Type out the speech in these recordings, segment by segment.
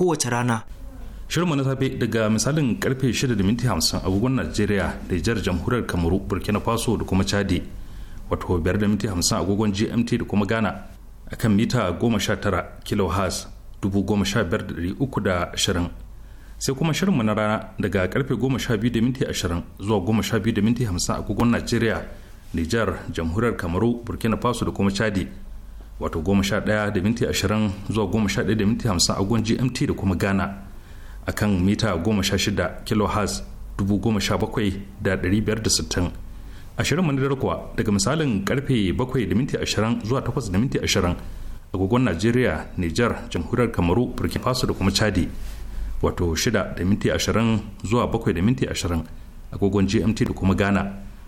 kowace rana. Shirma na safe daga misalin karfe 6:50 agogon Najeriya da jihar jamhuriyar Kamaru, Burkina Faso da kuma Chadi, wato 5:50 agogon GMT da kuma Ghana a kan mita 19 kHz 15,320. Sai kuma shirma na rana daga karfe 12:20 zuwa 12:50 agogon Najeriya, jihar jamhuriyar Kamaru, Burkina Faso da kuma Chadi. wato 11 da minti ashirin zuwa 11 da minti 50 agon gmt da kuma ghana a kan mita 16 kilohertz 17,560 ashirin manadar kuwa daga misalin karfe bakwai da minti ashirin zuwa takwas da minti ashirin agogon najeriya niger jamhuriyar kamaru burkina faso da kuma chadi wato shida da minti ashirin zuwa bakwai da minti ashirin agogon gmt da kuma ghana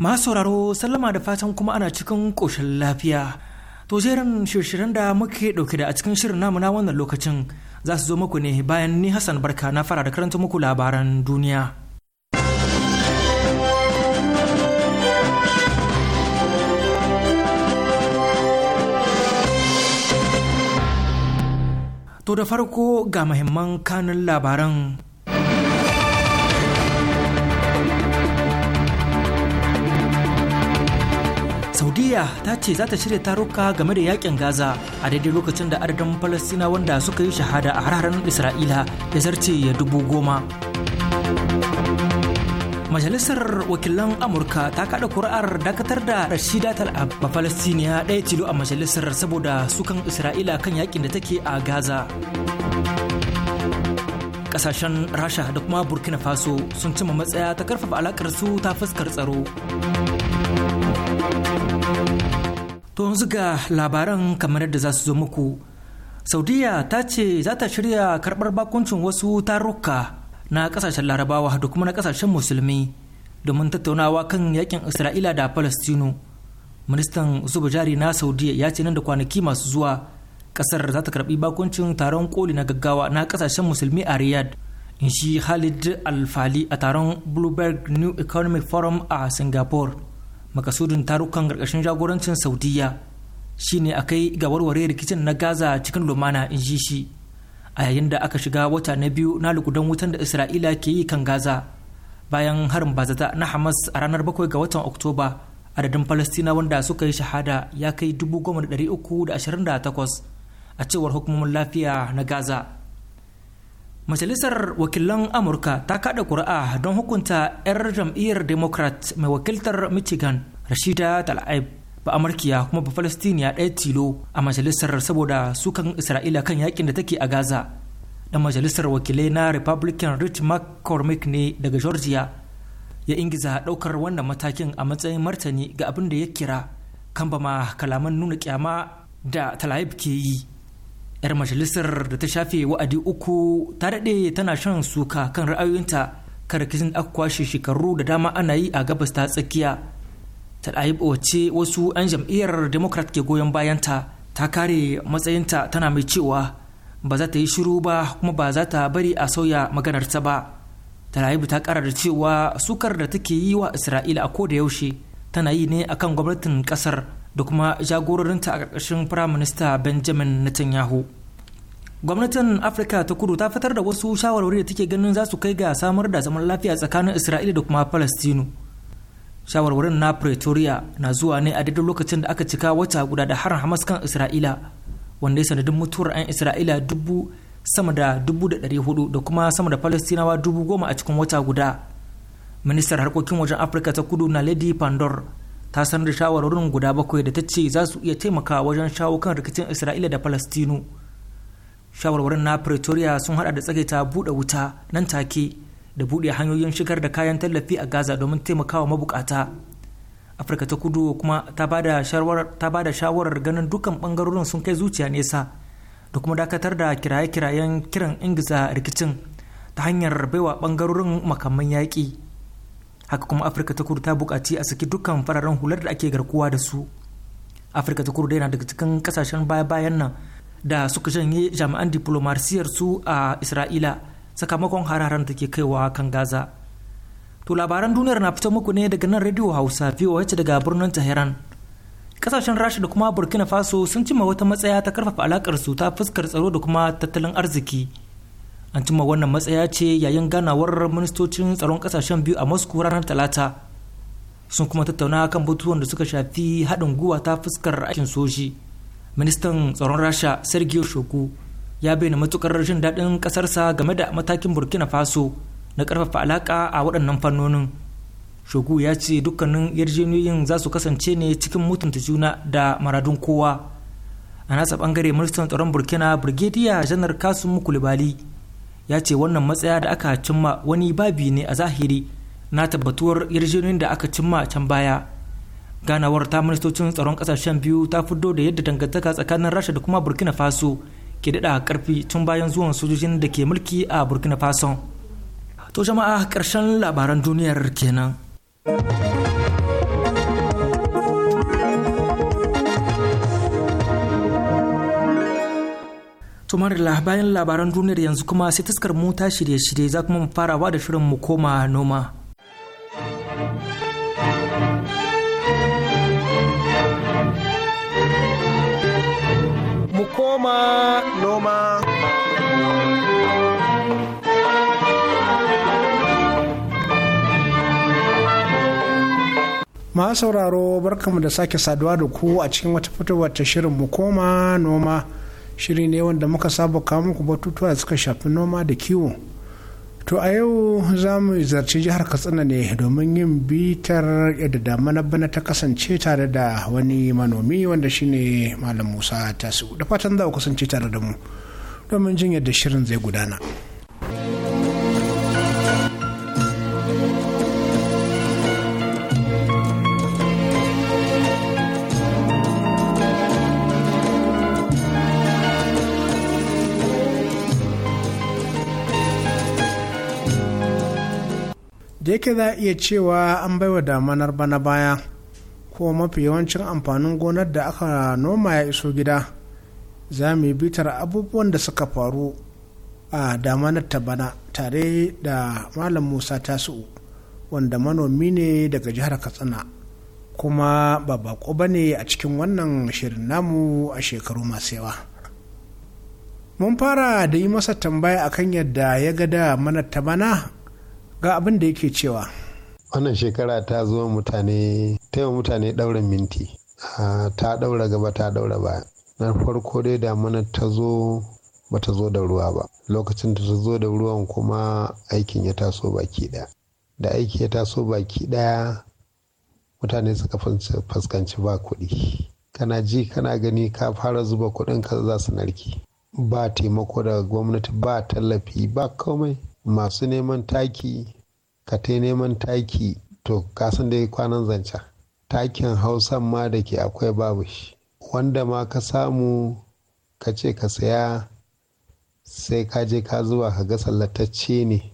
masu sauraro sallama da fatan kuma ana cikin ƙoshin lafiya to jerin shirshirin da muke ɗauke da a cikin shirin namu na wannan lokacin za su zo muku ne bayan ni hassan barka na fara da karanta muku labaran duniya To da farko ga mahimman kanun labaran Saudiya ta ce za ta shirya taruka game da yakin Gaza a daidai lokacin da adadin Falasina wanda suka yi shahada a hararen Isra'ila ya zarce ya dubu goma. Majalisar Wakilan Amurka ta kada kuri'ar dakatar da Rashida Tal'ab ba Falastiniya ɗaya tilo a majalisar saboda sukan Isra'ila kan yakin da take a Gaza. Ƙasashen Rasha da kuma Burkina Faso sun cima matsaya ta karfafa alakar su ta fuskar tsaro. To yanzu ga labaran kamar yadda za su zo muku. Saudiya ta ce za ta shirya karɓar bakuncin wasu taruka na ƙasashen larabawa da kuma na ƙasashen musulmi domin tattaunawa kan yakin Isra'ila da Falastinu. Ministan zuba jari na Saudiya ya ce nan da kwanaki masu zuwa ƙasar za ta karɓi bakuncin taron koli na gaggawa na ƙasashen musulmi a riyad In shi halid Alfali a taron Bloomberg New Economic Forum a Singapore. makasudin tarukan karkashin jagorancin saudiya shine a kai ga warware rikicin na gaza cikin lumana in ji shi a yayin da aka shiga wata na biyu na lukudan wutan da isra'ila ke yi kan gaza bayan harin bazata na hamas a ranar bakwai ga watan oktoba adadin falastina wanda suka yi shahada ya kai 3,328 a cewar hukumomin lafiya na gaza majalisar wakilan amurka ta kada kuri'a don hukunta 'yar jam'iyyar democrat mai wakiltar michigan rashida tal'aib ba amurkiya kuma ba falastiniya ɗaya tilo a majalisar saboda sukan isra'ila kan yakin da take a gaza dan majalisar wakilai na republican rich mccormick ne daga georgia ya ingiza ɗaukar wannan matakin a matsayin martani ga abin da ya kira kan bama kalaman nuna kyama da talaib ke yi 'yar majalisar da ta shafe wa'adi uku ta daɗe tana shan suka kan ra'ayoyinta kan rikicin da aka kwashe shekaru da dama ana yi a gabas ta tsakiya ta ɗayi wace wasu 'yan jam'iyyar democrat ke goyon bayanta ta kare matsayinta tana mai cewa ba za ta yi shiru ba kuma ba za ta bari a sauya maganar ta ba talayibu ta kara da cewa sukar da take yi wa isra'ila a ko da yaushe tana yi ne akan gwamnatin kasar da kuma jagororinta a ƙarƙashin firaminista benjamin netanyahu gwamnatin afirka ta kudu ta fitar da wasu shawarwari da take ganin za su kai ga samar da zaman lafiya tsakanin isra'ila da kuma palestinu shawarwarin na pretoria na zuwa ne a daidai lokacin da aka cika wata guda da harin hamas kan isra'ila wanda ya sanadin mutuwar 'yan isra'ila dubu sama da dubu da ɗari hudu da kuma sama da palestinawa dubu goma a cikin wata guda ministar harkokin wajen afirka ta kudu na lady pandor ta sanar da shawarwarin guda bakwai da ta ce za su iya taimakawa wajen shawo kan rikicin isra'ila da falastinu shawarwarin na pretoria sun hada da tsagaita buɗe wuta nan take da buɗe hanyoyin shigar da kayan tallafi a gaza domin taimakawa mabukata afirka ta kudu kuma ta ba da shawarar ganin dukkan bangarorin sun kai zuciya nesa da kuma dakatar da kiraye-kirayen kiran ingiza rikicin ta hanyar baiwa bangarorin makaman yaƙi haka kuma afirka ta kudu ta bukaci a saki dukkan fararen hular da ake garkuwa da su afirka ta kudu dai na daga cikin kasashen baya-bayan nan da suka shanye jami'an diplomasiyar su a isra'ila sakamakon hararen da ke kaiwa kan gaza to labaran duniyar na fito muku ne daga nan radio hausa voh daga birnin tehran kasashen rasha da kuma burkina faso sun cima wata matsaya ta karfafa alakar su ta fuskar tsaro da kuma tattalin arziki an cimma wannan matsaya ce yayin ganawar ministocin tsaron kasashen biyu a moscow ranar talata sun kuma tattauna kan batutuwan da suka shafi haɗin gwiwa ta fuskar aikin soji ministan tsaron rasha sergio shoku ya bayyana matukar rashin daɗin ƙasarsa game da matakin burkina faso na ƙarfafa alaƙa a waɗannan fannonin shogu ya ce dukkanin yarjejeniyoyin za su kasance ne cikin mutunta juna da maradun kowa a nasa ɓangare ministan tsaron burkina brigadier janar kasum kulibali ya ce wannan matsaya da aka cimma wani babi ne a zahiri na tabbatuwar yarjejeniyar da aka cimma can baya ganawar ta ministocin tsaron kasashen biyu ta fito da yadda dangantaka tsakanin rasha da kuma burkina faso ke daɗa karfi tun bayan zuwan sojojin da ke mulki a burkina faso to jama'a karshen labaran duniyar kenan. tumarila bayan labaran duniyar yanzu kuma sai taskar mu ta shirye-shirye za kuma mu farawa da shirin mu koma noma mu koma noma Ma sauraro barkamu da sake saduwa da ku a cikin wata fitowar ta shirin mu koma noma shiri ne wanda muka saba kawo muku batutuwa da suka shafi noma da kiwo to a yau za mu zarci jihar katsina ne domin yin bitar yadda damana bana ta kasance tare da wani manomi wanda shine malam musa tasiu da fatan za ku kasance tare da mu domin jin yadda shirin zai gudana. da yake za a iya cewa an baiwa damanar bana baya ko mafi yawancin amfanin gonar da aka noma ya iso gida za mu yi bitar abubuwan da suka faru a damanar ta bana tare da malam musa tasu wanda manomi ne daga jihar katsina kuma ba bako ba ne a cikin wannan shirin namu a shekaru masu yawa mun fara da yi masa tambaya akan yadda ya gada manar ta bana ga abin da yake cewa wannan shekara ta zo mutane taimaka mutane ɗaurin minti ta ɗaura gaba ta ɗaura baya na farko dai damuna ta zo bata zo da ruwa ba lokacin da ta zo da ruwan kuma aikin ya taso baki ɗaya da aiki ya taso baki ɗaya mutane suka fuskanci ba kuɗi kana ji kana gani ka fara zuba kuɗin ka za su narki ba taimako daga gwamnati ba tallafi ba komai masu neman taki ka ta neman taki to kasan dai kwanan zance. takin hausan ma da ke akwai babu shi wanda ma ka samu ka ce ka saya sai ka je ka zuwa ka ga sallatacce ne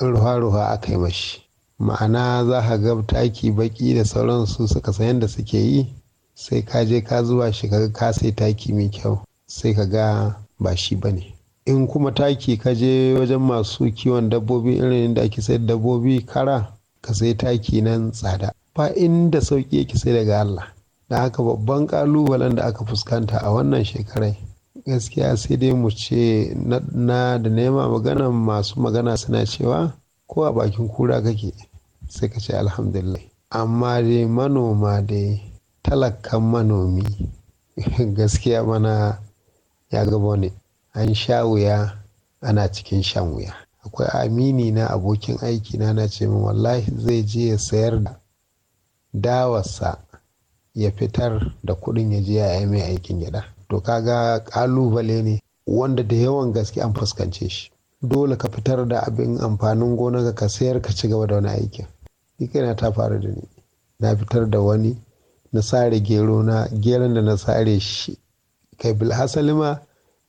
ruwa-ruwa aka yi mashi ma'ana za ka ga taki baki da sauransu suka sayan da suke yi sai ka je ka zuwa shi ka ga ka sai taki mai kyau sai ka ga ba shi ba ne in kuma taki ka je wajen masu kiwon dabbobi irin da ake sayar dabbobi kara ka sai taki nan tsada ba inda sauki yake sai daga Allah da haka babban kalubalen da aka fuskanta a wannan shekarai gaskiya sai dai mu ce na da nema magana masu magana suna cewa ko a bakin kura kake sai ka ce alhamdulillah amma dai manoma dai talakan manomi gaskiya mana ya gaba ne an sha wuya ana cikin shan wuya akwai amini na abokin aiki na na ce min wallahi zai je ya sayar da dawarsa ya fitar da kuɗin ya je ya mai aikin gida to kaga kalubale ne wanda da yawan gaske an fuskance shi dole ka fitar da abin amfanin gonarka ka sayar ka ci gaba da wani aikin ni kaina ta faru da ni na fitar da wani na sare gero na geron da na sare shi kai bilhassali ma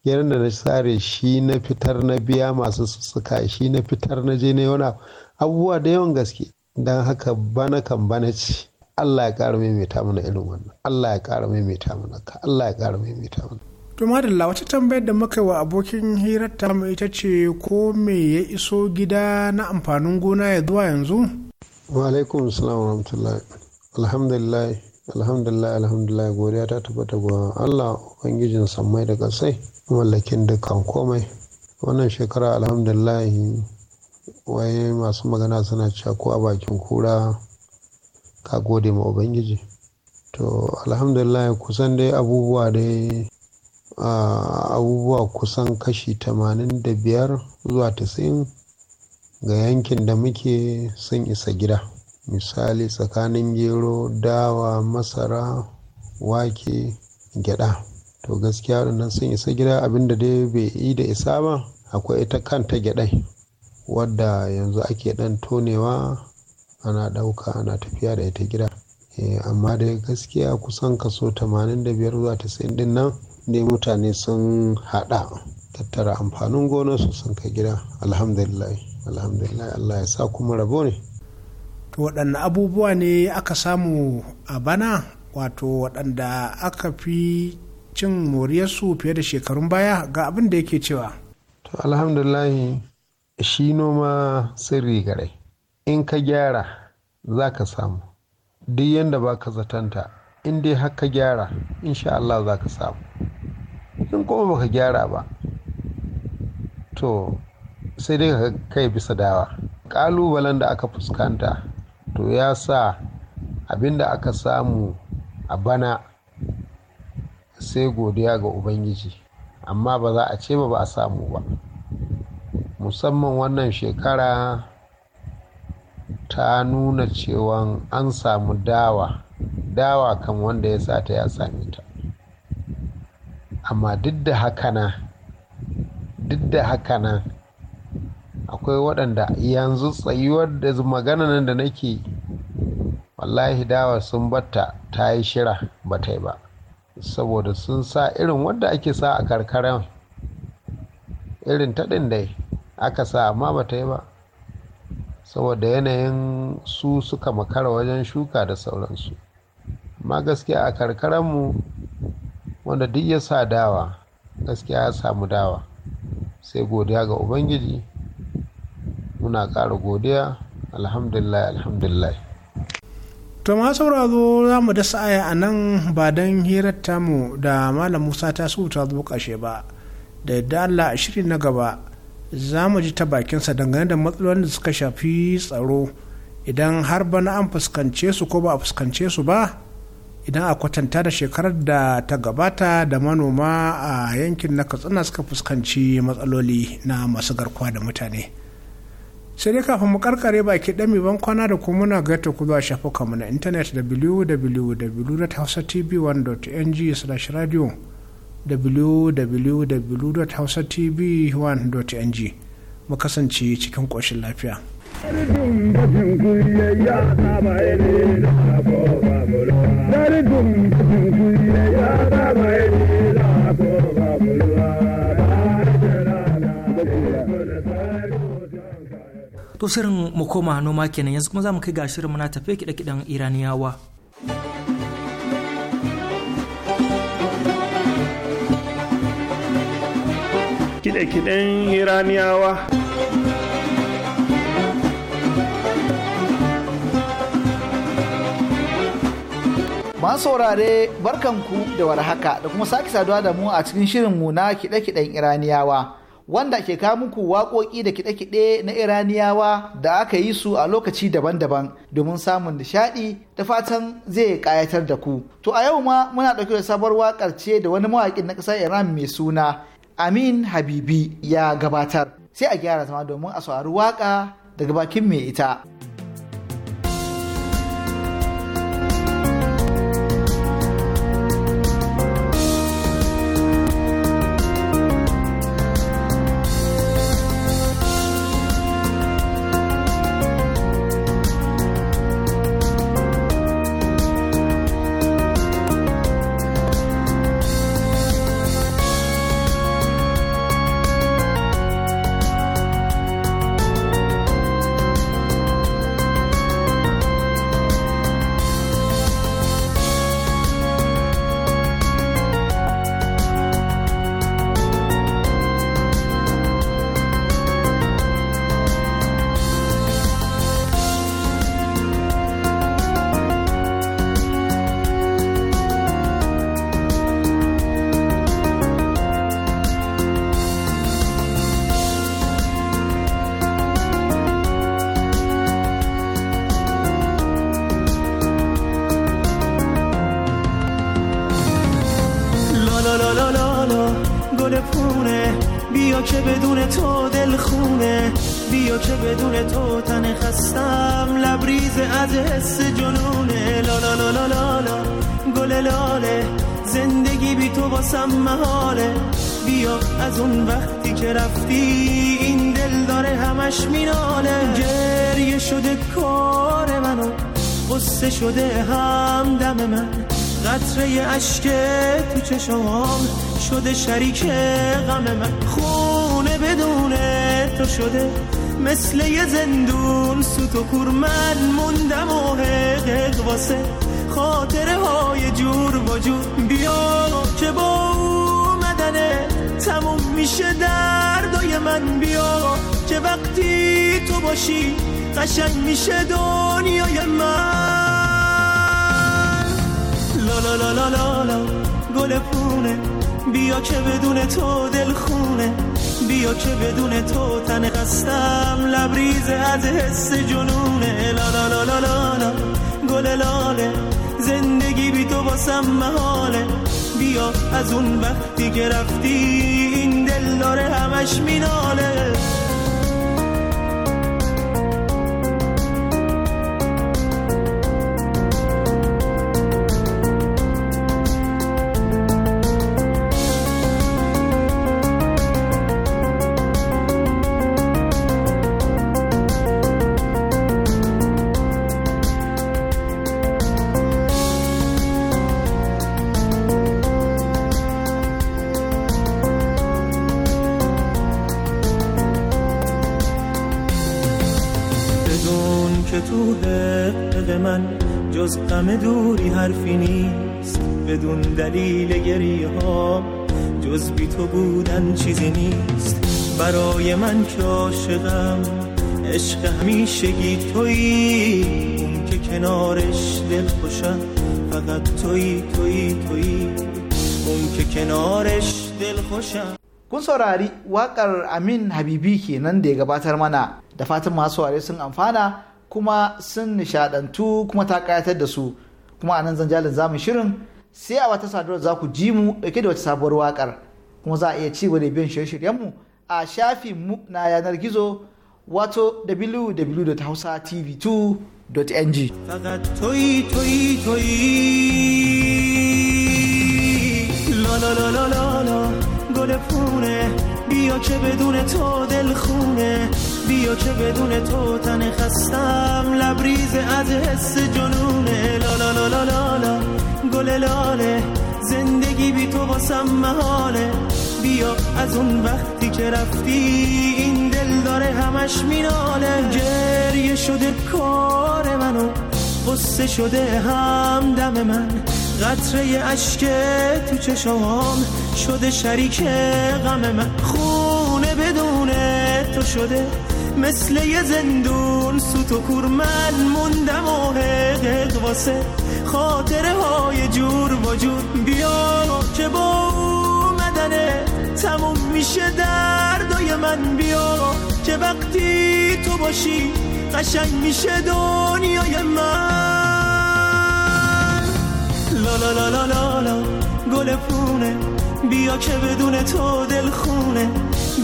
yadda na tsare shi na fitar na biya masu suka shi na fitar na je wani abubuwa da yawan gaske don haka bana kan bana ce Allah ya ƙara mita mana irin wannan Allah ya ƙara mita mana ka Allah ya ƙara mita mana to madalla wata tambayar da muka wa abokin hirar ta mu ita ce ko me ya iso gida na amfanin gona ya zuwa yanzu wa alaikum assalam wa rahmatullahi alhamdulillah alhamdulillah alhamdulillah godiya ta tabbata ga Allah ubangijin sammai da kasai mallakin dukkan komai wannan shekara alhamdulillahi waye masu magana suna cewa ko a bakin kura ka gode ma ubangiji to alhamdulillah kusan dai abubuwa dai abubuwa kusan kashi 85 zuwa 90 ga yankin da muke sun isa gida misali tsakanin gero dawa masara wake gyada to gaskiya nan sun isa gida abinda dai bai yi da isa ba akwai ita kanta gyaɗai wadda yanzu ake ɗan tonewa ana ɗauka ana tafiya da ita gida eh, amma dai gaskiya kusan kaso 85 zuwa 90 din nan ne mutane sun haɗa tattara amfanin gona su sun kai gida alhamdulillah allah ya sa kuma rabo ne to waɗanne abubuwa ne aka samu a bana wato waɗanda aka fi cin moriyarsu fiye da shekarun baya ga abin da yake cewa. To alhamdulahi shi noma sirri gare. In ka gyara za ka samu. Duk yadda ba ka zatanta in dai haka gyara insha Allah za ka samu. In kuma ka gyara ba to sai dai ka kai bisa dawa. Ƙalubalen da aka fuskanta to ya sa abin da aka samu a bana sai godiya ga ubangiji amma ba za a ce ba ba a samu ba musamman wannan shekara ta nuna cewa an samu dawa dawa kan wanda ya sata ya same ta amma duk da hakana duk da hakana akwai waɗanda yanzu tsayuwar da magana nan da nake wallahi dawa sun batta ta yi shira ba ta yi ba saboda sun sa irin wadda ake sa a karkaran irin taɗin da aka sa amma ba ta yi ba saboda yanayin su suka makara wajen shuka da sauransu amma gaskiya a karkaranmu wanda duk ya sa dawa gaskiya ya samu dawa sai godiya ga ubangiji muna ƙara godiya alhamdulillah alhamdulillah to ma sauraro za mu dasa aya a nan ba don hirar mu da malam musa ta su ta zo kashe ba da yadda allah ashirin na gaba za mu ji ta bakinsa dangane da matsalolin da suka shafi tsaro idan har bana an fuskance su ko ba a fuskance su ba idan a kwatanta da shekarar da ta gabata da manoma a yankin na katsina suka fuskanci matsaloli na masu garkuwa da mutane sai dai kafin mu karkare baki dami ban kwana da kuma muna gaita ku zuwa shafukanmu na intanet www.hausatv1.ng slash radio www.hausatv1.ng mu kasance cikin ƙoshin lafiya. Dari dum dum kuyi ya ba to shirin mu koma noma kenan yanzu kuma za mu kai ga shirin muna tafe kiɗe-kiɗen iraniyawa kiɗe-kiɗen iraniyawa saurare barkanku da warhaka da kuma sake saduwa da mu a cikin shirinmu na kiɗe-kiɗen iraniyawa wanda ke kawo muku waƙoƙi da kiɗe-kiɗe na iraniyawa da aka yi su a lokaci daban-daban domin samun nishaɗi da fatan zai ƙayatar da ku to a yau ma muna ɗauke da sabuwar waƙar ce da wani mawaƙin na ƙasar iran mai suna amin habibi ya gabatar sai a gyara zama domin a saurari waƙa daga bakin mai ita. بی تو واسم محاله بیا از اون وقتی که رفتی این دل داره همش میناله گریه شده کار منو قصه شده هم دم من قطره اشک تو چشمام شده شریک غم من خونه بدون تو شده مثل یه زندون سوت و کور من موندم و واسه خاطره های جور وجود جور بیا تموم میشه دردای من بیا که وقتی تو باشی قشن میشه دنیای من لا لا لا لا لا, لا گل پونه بیا که بدون تو دل خونه بیا که بدون تو تن قستم لبریز از حس جنونه لا لا لا لا لا, لا گل لاله زندگی بی تو باسم محاله بیا از اون وقتی که رفتی این دل داره همش میناله برای من که عاشقم عشق همیشگی تویی اون که کنارش دل خوشم فقط تویی تویی تویی اون که کنارش دل خوشم kun saurari wakar amin habibi kenan da ya gabatar mana da fatan masu ware sun amfana kuma sun nishadantu kuma ta kayatar da su kuma a nan zanjalin zamu shirin sai a wata sadarwar za ku ji mu dauke da wata sabuwar wakar kuma za a iya ci wa da biyan shirye-shiryenmu a shafin na yanar gizo wato www.hausatv2.ng گل فونه بیا که بدون تو دل خونه بیا که بدون تو تن خستم لبریز از حس جنونه لا لا لا لا لا گل لاله زندگی بی تو واسم محاله بیا از اون وقتی که رفتی این دل داره همش میناله گریه شده کار منو قصه شده هم دم من قطره اشک تو چشام شده شریک غم من خونه بدون تو شده مثل یه زندون سوت و کور من موندم و حقق واسه خاطره های جور وجود بیا که با تموم میشه دردای من بیا که وقتی تو باشی قشنگ میشه دنیای من لا لا لا لا لا, گل پونه بیا که بدون تو دل خونه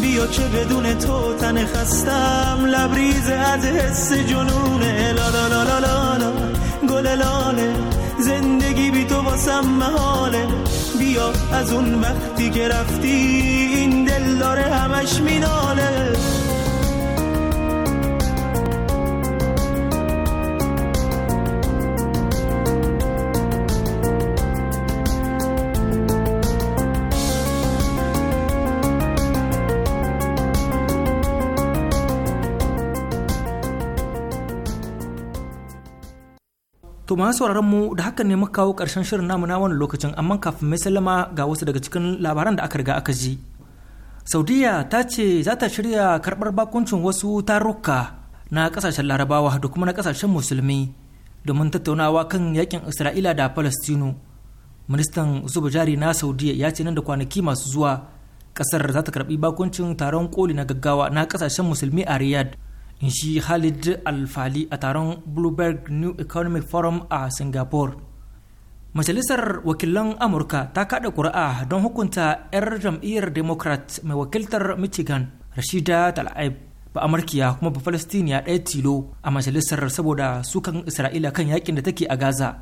بیا که بدون تو تن خستم لبریز از حس جنونه لا لا لا لا, لا, لا گل لاله زندگی بی تو واسم محاله بیا از اون وقتی که رفتی این دل داره همش میناله To ma sauraron mu da hakan ne muka kawo ƙarshen shirin namu na wannan lokacin amma kafin mai sallama ga wasu daga cikin labaran da aka riga aka ji. Saudiya ta ce za ta shirya karɓar bakuncin wasu tarukka na ƙasashen larabawa da kuma na kasashen musulmi domin tattaunawa kan yakin Isra'ila da Falastinu. Ministan zuba jari na Saudiya ya ce nan da kwanaki masu zuwa ƙasar za ta karɓi bakuncin taron koli na gaggawa na kasashen musulmi a Riyadh in shi Khalid Alfali a taron Bloomberg New Economic Forum a Singapore. Majalisar wakilan Amurka ta kada ƙuri'a don hukunta 'yar jam'iyyar Democrat mai wakiltar Michigan Rashida Tal'aib ba Amurkiya kuma ba Falastiniya ɗaya tilo a majalisar saboda sukan Isra'ila kan yakin da take a Gaza.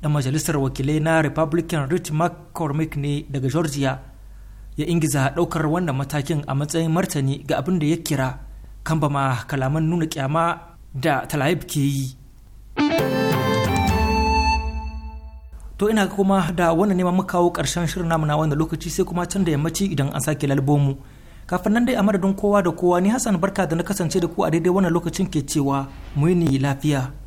Dan majalisar wakilai na Republican Rich McCormick ne daga Georgia ya ingiza ɗaukar wannan matakin a matsayin martani ga abin da ya kira kan ba kalaman nuna kyama da talayib ke yi to ina kuma da wannan neman muka kawo karshen shirin namu na wanda lokaci sai kuma can da yammaci idan an sake lalbo mu kafin nan dai a madadin kowa da kowa ni hassan barka da na kasance da ku a daidai wannan lokacin ke cewa mu yi lafiya